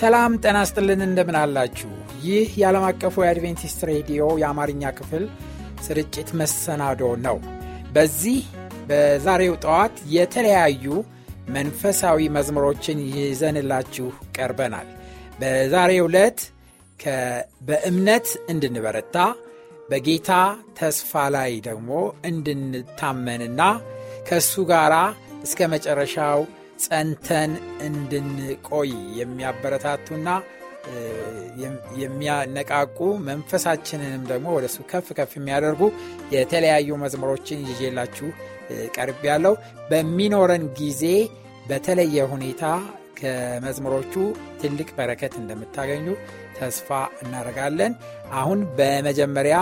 ሰላም ጤና ስጥልን፣ እንደምን አላችሁ? ይህ የዓለም አቀፉ የአድቬንቲስት ሬዲዮ የአማርኛ ክፍል ስርጭት መሰናዶ ነው። በዚህ በዛሬው ጠዋት የተለያዩ መንፈሳዊ መዝሙሮችን ይዘንላችሁ ቀርበናል። በዛሬው ዕለት በእምነት እንድንበረታ በጌታ ተስፋ ላይ ደግሞ እንድንታመንና ከእሱ ጋር እስከ መጨረሻው ጸንተን እንድንቆይ የሚያበረታቱና የሚያነቃቁ መንፈሳችንንም ደግሞ ወደሱ ከፍ ከፍ የሚያደርጉ የተለያዩ መዝሙሮችን ይዤላችሁ ቀርብ ያለው በሚኖረን ጊዜ በተለየ ሁኔታ ከመዝሙሮቹ ትልቅ በረከት እንደምታገኙ ተስፋ እናደርጋለን። አሁን በመጀመሪያ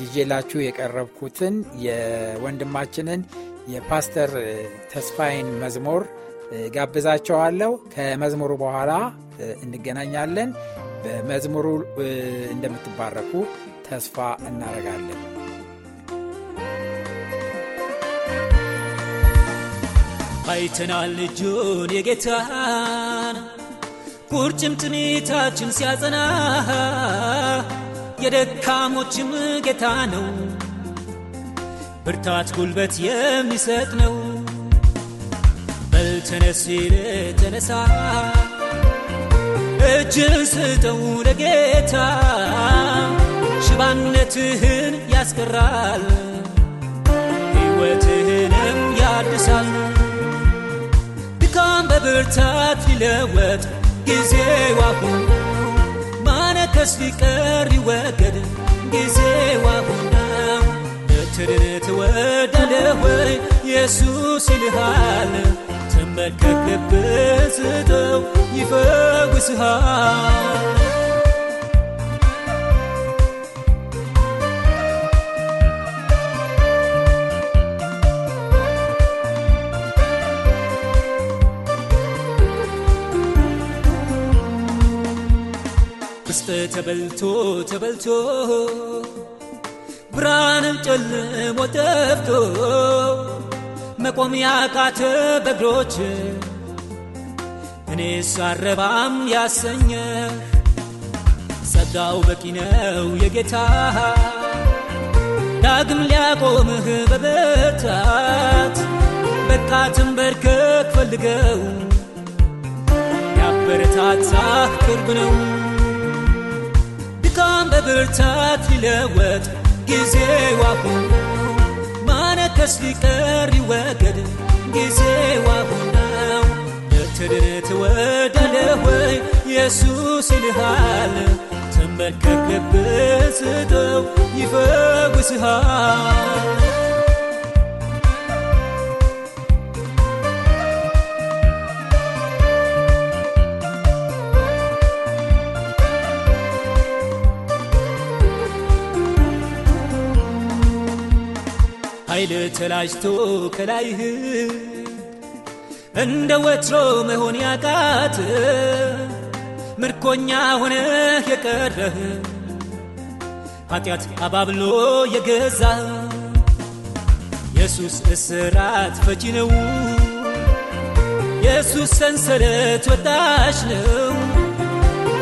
ይዤላችሁ የቀረብኩትን የወንድማችንን የፓስተር ተስፋይን መዝሙር ጋብዛቸዋለሁ። ከመዝሙሩ በኋላ እንገናኛለን። በመዝሙሩ እንደምትባረኩ ተስፋ እናደርጋለን። አይተናል እጁን የጌታን ቁርጭምጭሚታችን ሲያጸና የደካሞችም ጌታ ነው፣ ብርታት ጉልበት የሚሰጥ ነው። በል ተነስ ሲል ተነሳ፣ እጅን ስጠው ለጌታ፣ ሽባነትህን ያስቀራል፣ ሕይወትህንም ያድሳል። ድካም በብርታት ይለወጥ ጊዜው አሁን፣ ማነከስ ሊቀር ሊወገድ ጊዜው አሁን ትድን ትወዳለህ ወይ ኢየሱስ ይልሃል መርከብ ልብስተው ይፈውስሃል ውስጥ ተበልቶ ተበልቶ ብርሃንም ጨልሞ ጠፍቶ መቆም ያቃተ በእግሮች እኔ አረባም ያሰኘ ጸጋው በቂ ነው የጌታ ዳግም ሊያቆምህ በበታት በቃ በርከክ ፈልገው ያበረታታህ ቅርብ ነው ድካም በብርታት ሊለወጥ ጊዜ አሁን መድረስ ሊቀር ይወገድ ጊዜው አሁን ነው። ልትድን ትወዳለህ ወይ ኢየሱስ ይልሃል። ተመልከት፣ ልብህ ይፈውስሃል። ኃይል ተላጅቶ ከላይህ እንደ ወትሮ መሆን ያቃት ምርኮኛ ሆነህ የቀረህ ኃጢአት አባብሎ የገዛ ኢየሱስ እስራት ፈቺ ነው። ኢየሱስ ሰንሰለት ወጣሽ ነው።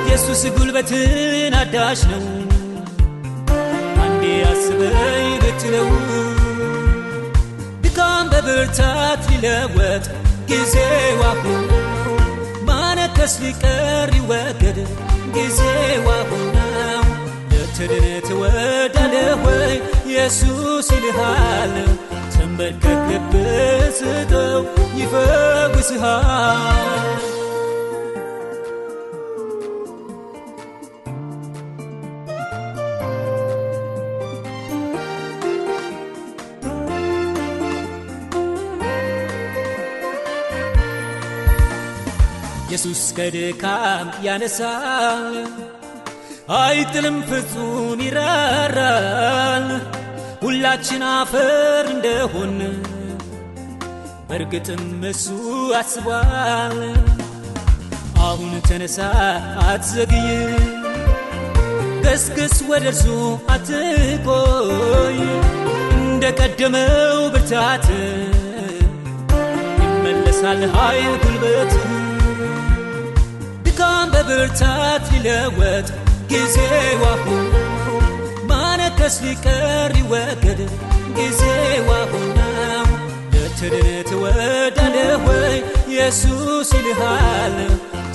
ኢየሱስ ጉልበትን አዳሽ ነው። አንዴ አስበይ ብትለው በብርታት ሊለወጥ ጊዜው አሁን ማነከስ ሊቀር ይወገድ ጊዜው አሁን ነው። ልትድን ትወዳለህ ወይ? ኢየሱስ ይልሃል። ተንበርከክ ልብህ ስጠው ይፈውስሃል። ኢየሱስ ከድካም ያነሳል፣ አይጥልም ፍጹም ይራራል። ሁላችን አፈር እንደሆን በእርግጥም እሱ አስቧል። አሁን ተነሳ፣ አትዘግይ፣ ገስገስ ወደ እርሱ አትቆይ። እንደ ቀደመው ብርታት ይመለሳል ኃይል ጉልበት በብርታት ይለወጥ ጊዜው አሁን ነው። ማነከስ ሊቀር ይወገድ ጊዜው አሁን ነው። ወይ? ኢየሱስ ይልሃል።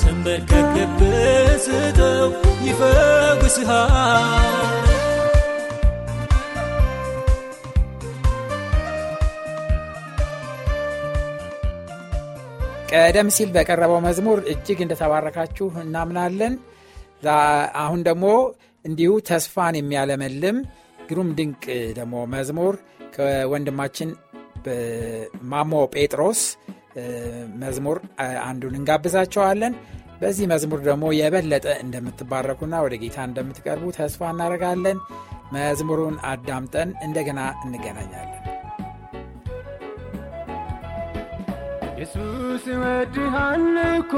ተንበርከክ ብትስጠው ይፈውስሃል። ቀደም ሲል በቀረበው መዝሙር እጅግ እንደተባረካችሁ እናምናለን። አሁን ደግሞ እንዲሁ ተስፋን የሚያለመልም ግሩም ድንቅ ደግሞ መዝሙር ከወንድማችን ማሞ ጴጥሮስ መዝሙር አንዱን እንጋብዛቸዋለን። በዚህ መዝሙር ደግሞ የበለጠ እንደምትባረኩና ወደ ጌታ እንደምትቀርቡ ተስፋ እናደርጋለን። መዝሙሩን አዳምጠን እንደገና እንገናኛለን። ኢየሱስ ይወድሃል እኮ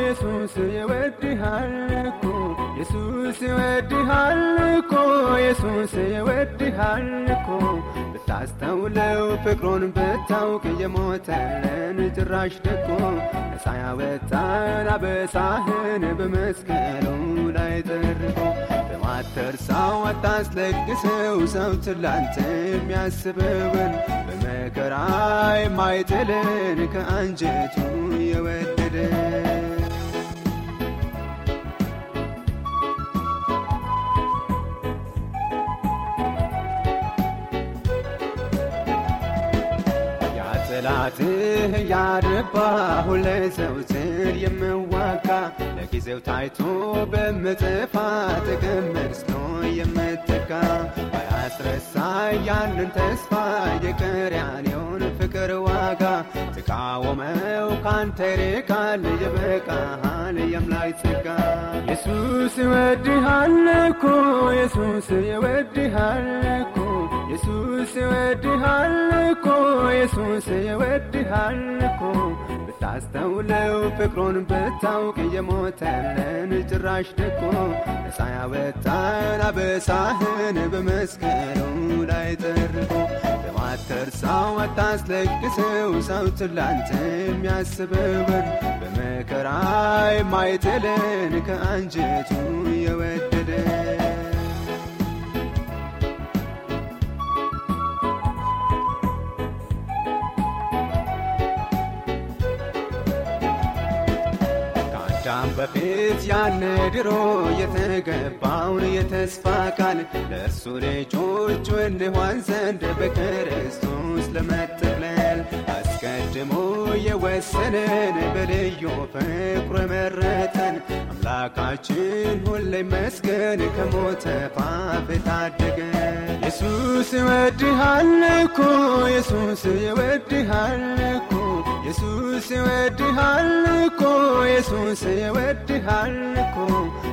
ኢየሱስ ይወድሃል እኮ ኢየሱስ ይወድሃል እኮ ኢየሱስ ይወድሃል እኮ ብታስተውለው ፍቅሩን ብታውቅ የሞተልን ጭራሽ ደቆ ነፃ ያወጣን አበሳህን በመስቀሉ እርሳው አታስለቅሰው ሰው ትላንት የሚያስበውን በመከራ የማይጥልን ከአንጀቱ የወደደ በፍርሃትህ ያረባሁ ለሰው ስር የምዋጋ ለጊዜው ታይቶ በምጥፋ ጥቅም መስሎ የምትጋ አያስረሳ ያንን ተስፋ መጀመሪያን የሆነ ፍቅር ዋጋ ተቃወመው ካንተ ርቃል የበቃሃል የአምላክ ጸጋ ኢየሱስ ይወድሃል እኮ ኢየሱስ ይወድሃል እኮ ኢየሱስ ይወድሃል እኮ ኢየሱስ ይወድሃል እኮ አስተውለው ፍቅሩን ብታውቅ እየሞተልን ጭራሽ ደቆ ነፃ ያወጣን አበሳህን በመስቀሉ ላይ ጠርቆ በማትረሳው አታስለቅሰው ሰው ትላንት የሚያስበውን በመከራ የማይጥልን ከአንጀቱ የወደ በፊት ያለ ድሮ የተገባውን የተስፋ ቃል ለእርሱ ልጆች እንሆን ዘንድ በክርስቶስ ለመጠቅለል አስቀድሞ የወሰነን በልዩ ፍቅሩ የመረጠን አምላካችን ሁለ መስገን ከሞተ ፋፍ ታደገ ኢየሱስ ይወድሃል እኮ ኢየሱስ ይወድሃል እኮ ኢየሱስ ይወድሃል እኮ ኢየሱስ ይወድሃል እኮ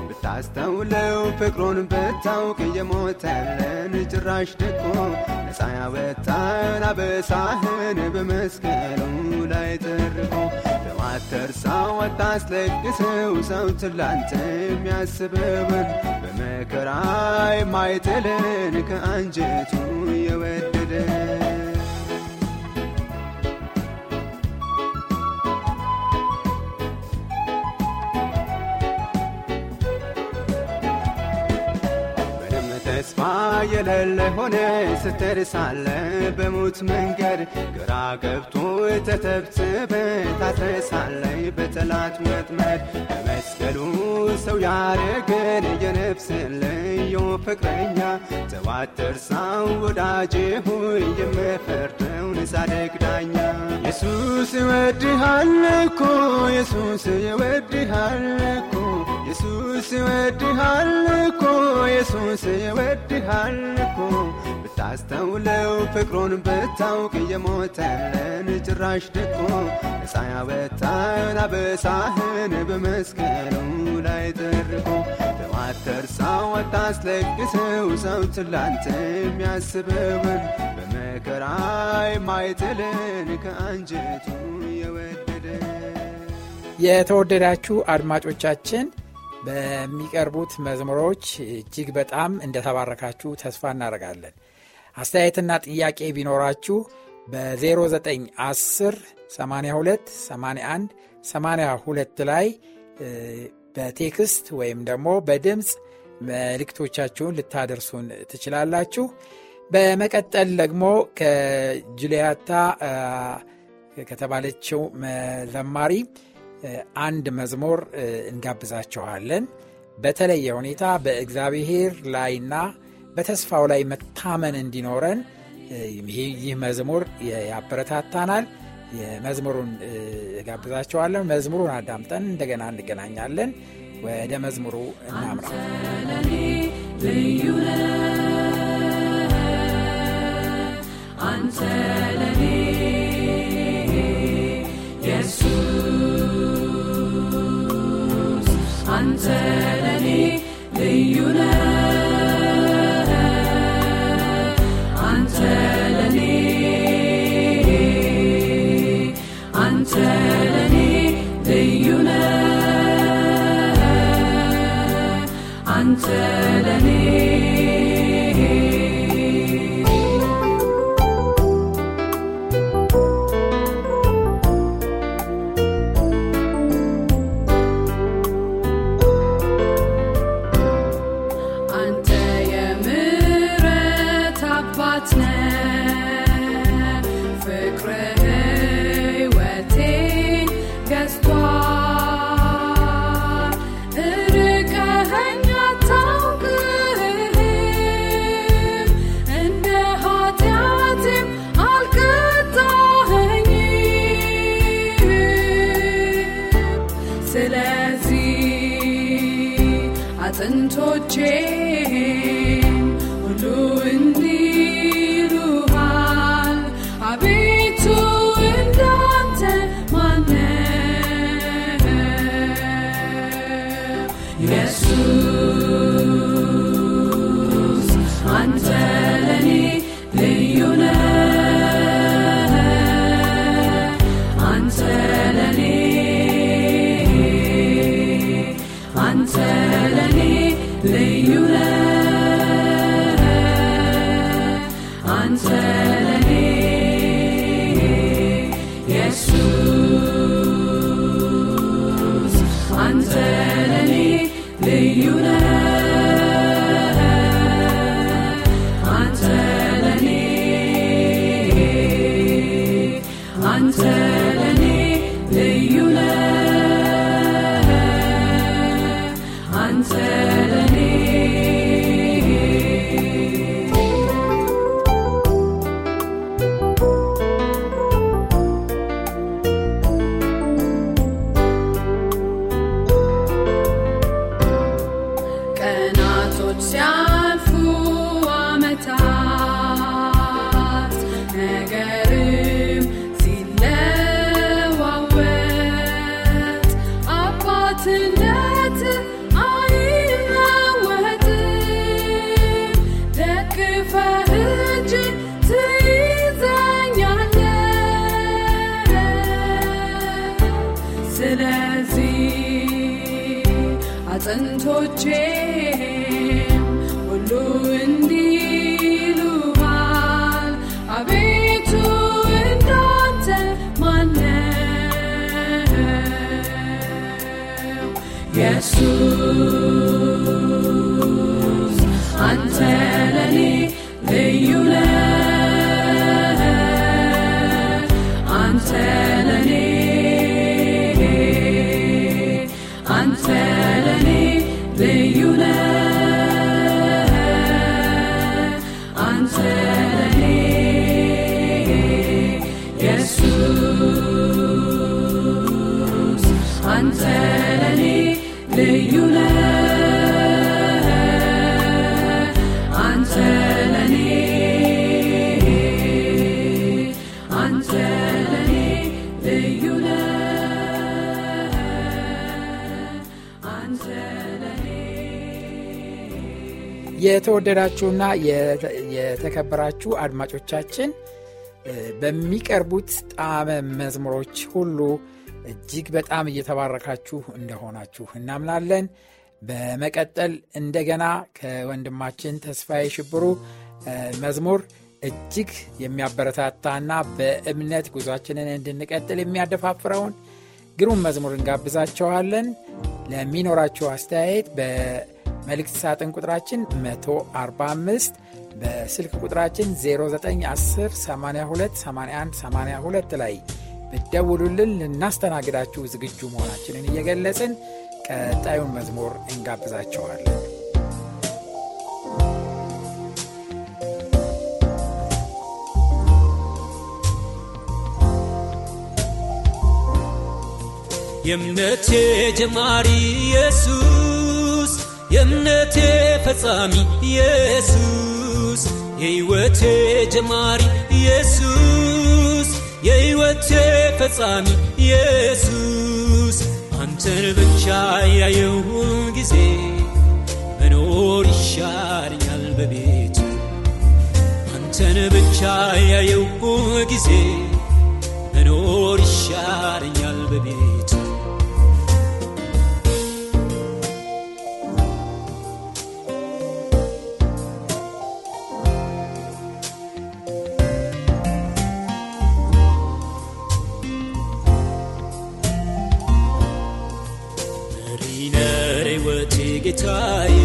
ብታስተውለው ፍቅሩን ብታውቅ እየሞተለን ጭራሽ ደቆ ነፃ ያወጣን አበሳህን በመስቀሉ ላይ ጠርቆ አትርሳው አታስለቅሰው ሰው ትላንት የሚያስበውን በመከራ የማይጥልን ከአንጀቱ የወደደን የለለ ሆነ ስትርሳለ በሞት መንገድ ግራ ገብቶ ተተብትበ ታትረሳለይ በጠላት መጥመድ በመስቀሉ ሰው ያረገ ፍቅረኛ ተዋተር ሳው ወዳጄ ሆይ የምፈርደውን ሳደግ ዳኛ ኢየሱስ ይወድሃል እኮ ኢየሱስ ይወድሃል እኮ ኢየሱስ ይወድሃል እኮ ኢየሱስ ይወድሃል እኮ ብታስተውለው ፍቅሩን ብታውቅ የሞተልን ጭራሽ ደቆ ነፃያ ያወጣን አበሳህን በመስቀሉ ላይ ጠርቆ አትርሳው አታስለግሰው ሰው ትላንተ የሚያስበውን በመከራይ የማይጥልን ከአንጀቱ የወደደ። የተወደዳችሁ አድማጮቻችን በሚቀርቡት መዝሙሮች እጅግ በጣም እንደተባረካችሁ ተስፋ እናደርጋለን። አስተያየትና ጥያቄ ቢኖራችሁ በ 0910828182 82 ላይ በቴክስት ወይም ደግሞ በድምፅ መልእክቶቻችሁን ልታደርሱን ትችላላችሁ። በመቀጠል ደግሞ ከጁልያታ ከተባለችው መዘማሪ አንድ መዝሙር እንጋብዛችኋለን። በተለየ ሁኔታ በእግዚአብሔር ላይና በተስፋው ላይ መታመን እንዲኖረን ይህ መዝሙር ያበረታታናል። መዝሙሩን ጋብዛቸዋለን። መዝሙሩን አዳምጠን እንደገና እንገናኛለን። ወደ መዝሙሩ እናምራ። አንተ ለኔ ኢየሱስ አንተ ለኔ ልዩ ነህ ስለዚህ አጥንቶቼ ሁሉ እንዲህ until until ante el የተወደዳችሁና የተከበራችሁ አድማጮቻችን በሚቀርቡት ጣዕመ መዝሙሮች ሁሉ እጅግ በጣም እየተባረካችሁ እንደሆናችሁ እናምናለን። በመቀጠል እንደገና ከወንድማችን ተስፋዬ ሽብሩ መዝሙር እጅግ የሚያበረታታና በእምነት ጉዟችንን እንድንቀጥል የሚያደፋፍረውን ግሩም መዝሙር እንጋብዛቸዋለን። ለሚኖራችሁ አስተያየት በመልእክት ሳጥን ቁጥራችን 145 በስልክ ቁጥራችን 0910828182 ላይ ብደውሉልን ልናስተናግዳችሁ ዝግጁ መሆናችንን እየገለጽን ቀጣዩን መዝሙር እንጋብዛቸዋለን። የእምነቴ ጀማሪ ኢየሱስ የእምነቴ ፈጻሚ ኢየሱስ የሕይወቴ ጀማሪ ኢየሱስ የሕይወቴ ፈጻሚ ኢየሱስ አንተን ብቻ ያየውን ጊዜ መኖር ይሻልኛል በቤቱ አንተን ብቻ ያየውን ጊዜ መኖር ይሻልኛል ጌታዬ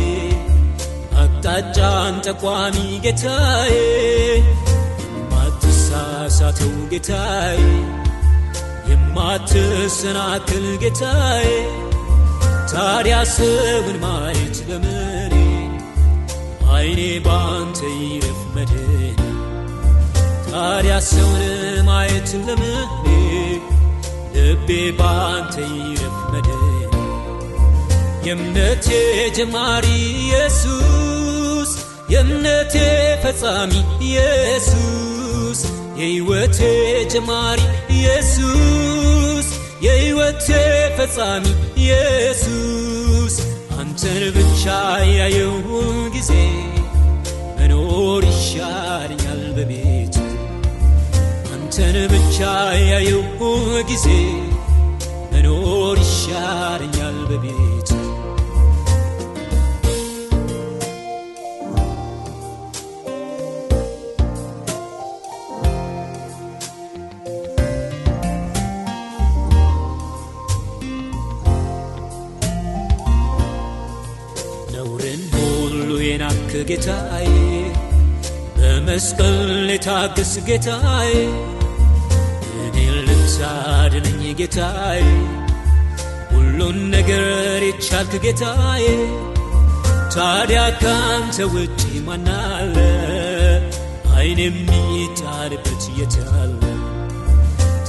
አቅጣጫን ጠቋሚ ጌታዬ የማትሳሳተው ጌታዬ የማትሰናክል ጌታዬ ታዲያ ሰውን ማየት ለምኔ አይኔ ባንተ ይረፍ መድን ታዲያ ሰውን ማየት ለምኔ ልቤ ባንተ ይረፍ መድን የእምነቴ ጀማሪ ኢየሱስ የእምነቴ ፈጻሚ ኢየሱስ የሕይወቴ ጀማሪ ኢየሱስ የሕይወቴ ፈጻሚ ኢየሱስ አንተን ብቻ ያየውን ጊዜ መኖር ይሻለኛል በቤቱ አንተን ብቻ ያየው ጊዜ መኖር ይሻለኛል በቤቱ ጌታዬ በመስቀል ልታገስ ጌታዬ እኔን ልታድነኝ ጌታዬ ሁሉን ነገር የቻልክ ጌታዬ ታዲያ ካንተ ውጪ ማናለ አይን የሚጣልበት የታለ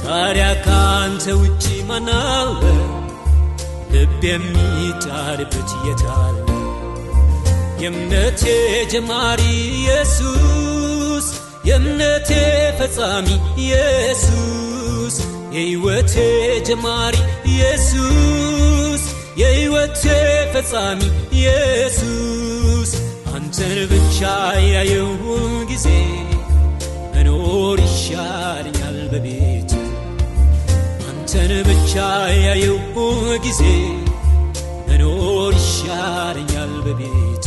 ታዲያ ካንተ ውጪ ማናለ ልብ የሚጣልበት የታለ የእምነቴ ጀማሪ ኢየሱስ የእምነቴ ፈጻሚ ኢየሱስ የሕይወቴ ጀማሪ ኢየሱስ የሕይወቴ ፈጻሚ ኢየሱስ አንተን ብቻ ያየውን ጊዜ መኖር ይሻለኛል በቤት አንተን ብቻ ያየውን ጊዜ መኖር ይሻለኛል በቤት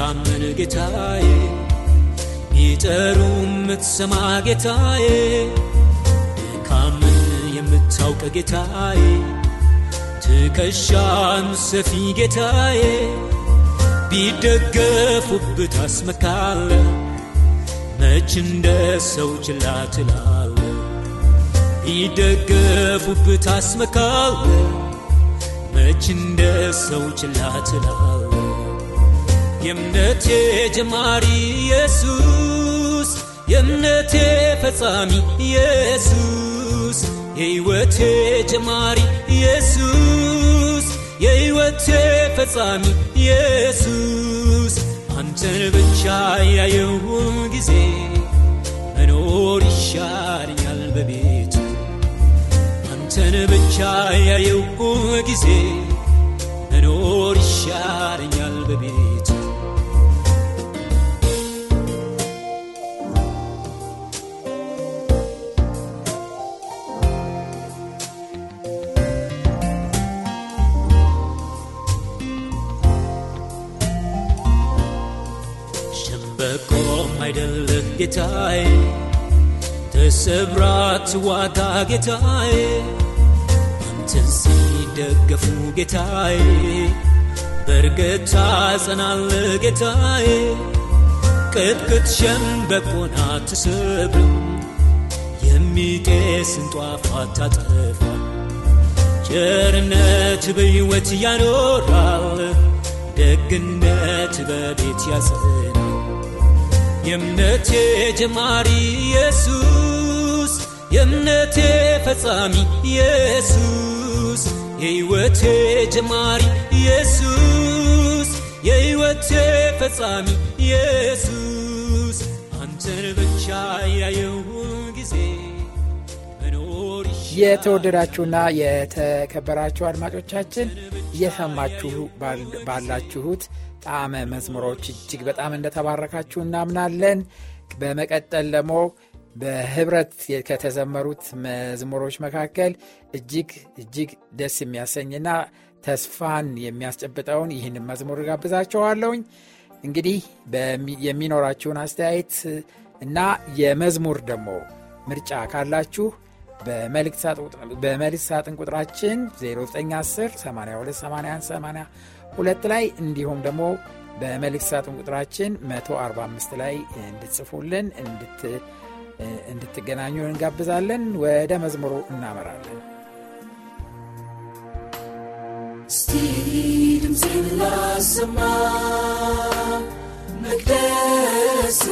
የምታመን ጌታዬ ቢጠሩ የምትሰማ ጌታዬ ድካምን የምታውቅ ጌታዬ ትከሻን ሰፊ ጌታዬ ቢደገፉብት አስመካለ መች እንደ ሰው ችላ ትላለ ቢደገፉብት አስመካለ መች እንደ ሰው ችላ ትላለ የእምነቴ ጀማሪ ኢየሱስ የእምነቴ ፈጻሚ ኢየሱስ የሕይወቴ ጀማሪ ኢየሱስ የሕይወቴ ፈጻሚ ኢየሱስ አንተን ብቻ ያየውን ጊዜ መኖር ይሻልኛል በቤቱ አንተን ብቻ ያየው ጊዜ መኖር ይሻልኛል በቤቱ ጌታዬ ተሰብራት ትዋጣ ጌታዬ አንተን ሲደገፉ ጌታዬ በርገታ ጸናለ ጌታዬ ቅጥቅጥ ሸምበቆን አትሰብርም የሚጤስን ጧፍ ታጠፋ ቸርነት በሕይወት ያኖራል ደግነት በቤት ያጸ የእምነቴ ጀማሪ ኢየሱስ የእምነቴ ፈጻሚ ኢየሱስ የሕይወቴ ጀማሪ ኢየሱስ የሕይወቴ ፈጻሚ ኢየሱስ አንተን ብቻ ያየውን ጊዜ የተወደዳችሁና የተከበራችሁ አድማጮቻችን እየሰማችሁ ባላችሁት ጣዕመ መዝሙሮች እጅግ በጣም እንደተባረካችሁ እናምናለን። በመቀጠል ደግሞ በህብረት ከተዘመሩት መዝሙሮች መካከል እጅግ እጅግ ደስ የሚያሰኝና ተስፋን የሚያስጨብጠውን ይህንን መዝሙር ጋብዛችኋለሁኝ። እንግዲህ የሚኖራችሁን አስተያየት እና የመዝሙር ደግሞ ምርጫ ካላችሁ በመልእክት ሳጥን ቁጥራችን 0910 ሁለት ላይ እንዲሁም ደግሞ በመልእክት ሳጥን ቁጥራችን 145 ላይ እንድትጽፉልን እንድትገናኙ እንጋብዛለን። ወደ መዝሙሩ እናመራለን። እስቲ መቅደስ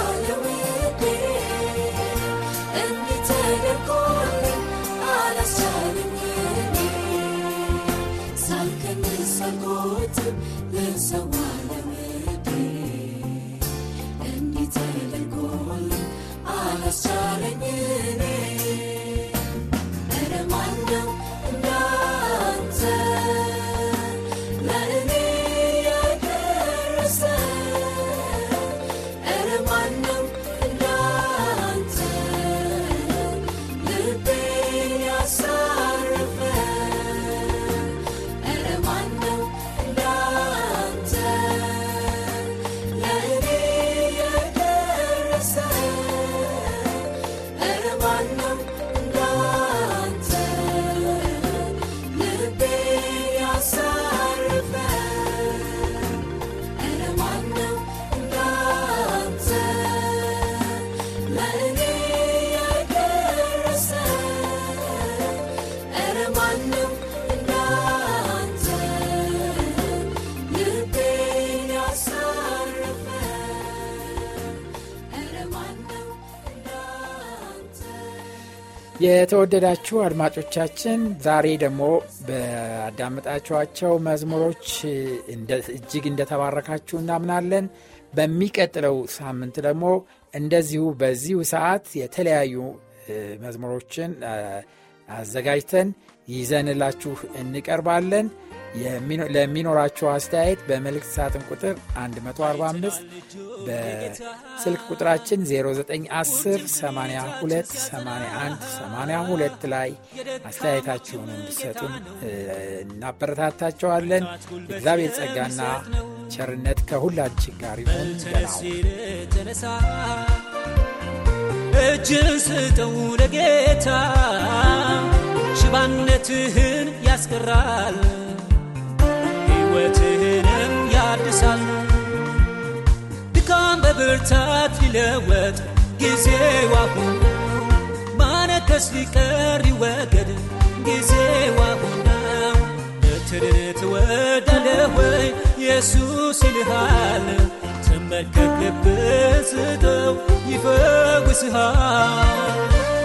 following. የተወደዳችሁ አድማጮቻችን ዛሬ ደግሞ በአዳመጣችኋቸው መዝሙሮች እጅግ እንደተባረካችሁ እናምናለን። በሚቀጥለው ሳምንት ደግሞ እንደዚሁ በዚሁ ሰዓት የተለያዩ መዝሙሮችን አዘጋጅተን ይዘንላችሁ እንቀርባለን። ለሚኖራቸው አስተያየት በመልእክት ሳጥን ቁጥር 145 በስልክ ቁጥራችን 0910 82 81 82 ላይ አስተያየታችሁን እንዲሰጡን እናበረታታቸዋለን። እግዚአብሔር ጸጋና ቸርነት ከሁላችን ጋር ይሁን። ተነሳ እጅን ስጠው ለጌታ ሽባነትህን ያስቀራል። ሕይወትህንም ያድሳል። ድካም በብርታት ይለወጥ ጊዜው አሁን፣ ማነከስ ሊቀር ይወገድ ጊዜው አሁን ነው። ኢየሱስ ይልሃል። ተመልከት፣ ልብህ ይፈውስሃል።